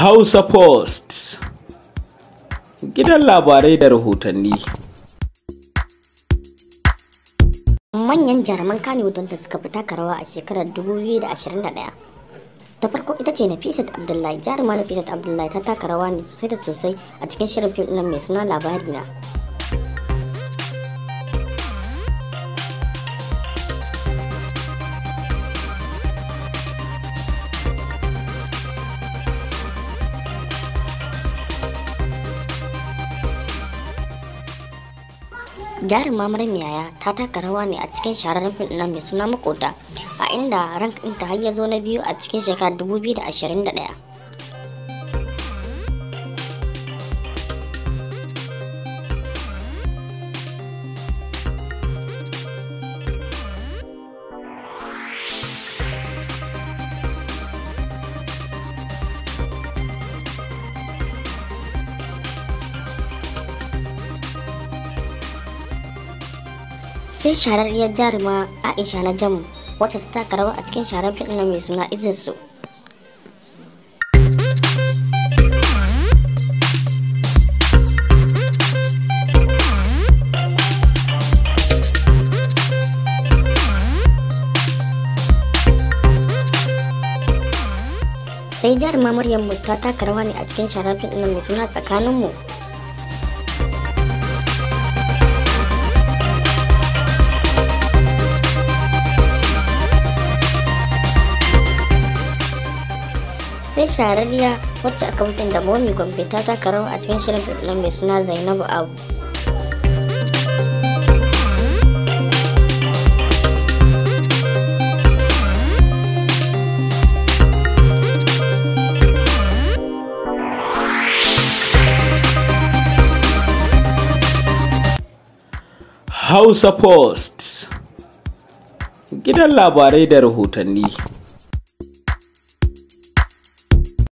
Hausa Post gidan labarai da rahotanni. Manyan jaruman Kano da suka taka rawa a shekarar 2021. Ta farko ita ce Nafisat Abdullahi, jaruma Nafisat Abdullahi ta taka rawa ne sosai da sosai a cikin shirin fim mai suna labari na. mamarin yaya ta taka rawa ne a cikin shahararren fim na mai suna makota a inda rank ɗinta har ya zo na biyu a cikin shekarar 2021 sai shararriyar jaruma aisha na jamu wata ta taka rawa a cikin sharar fim mai suna izinsu sai jaruma muryar mu ta taka rawa ne a cikin sharar fim mai suna tsakaninmu sai shahararriya wacce aka fi da momi gwamfeta ta taka a cikin shirin fitilan mai suna zainabu abu Hausa Post gidan labarai da rahotanni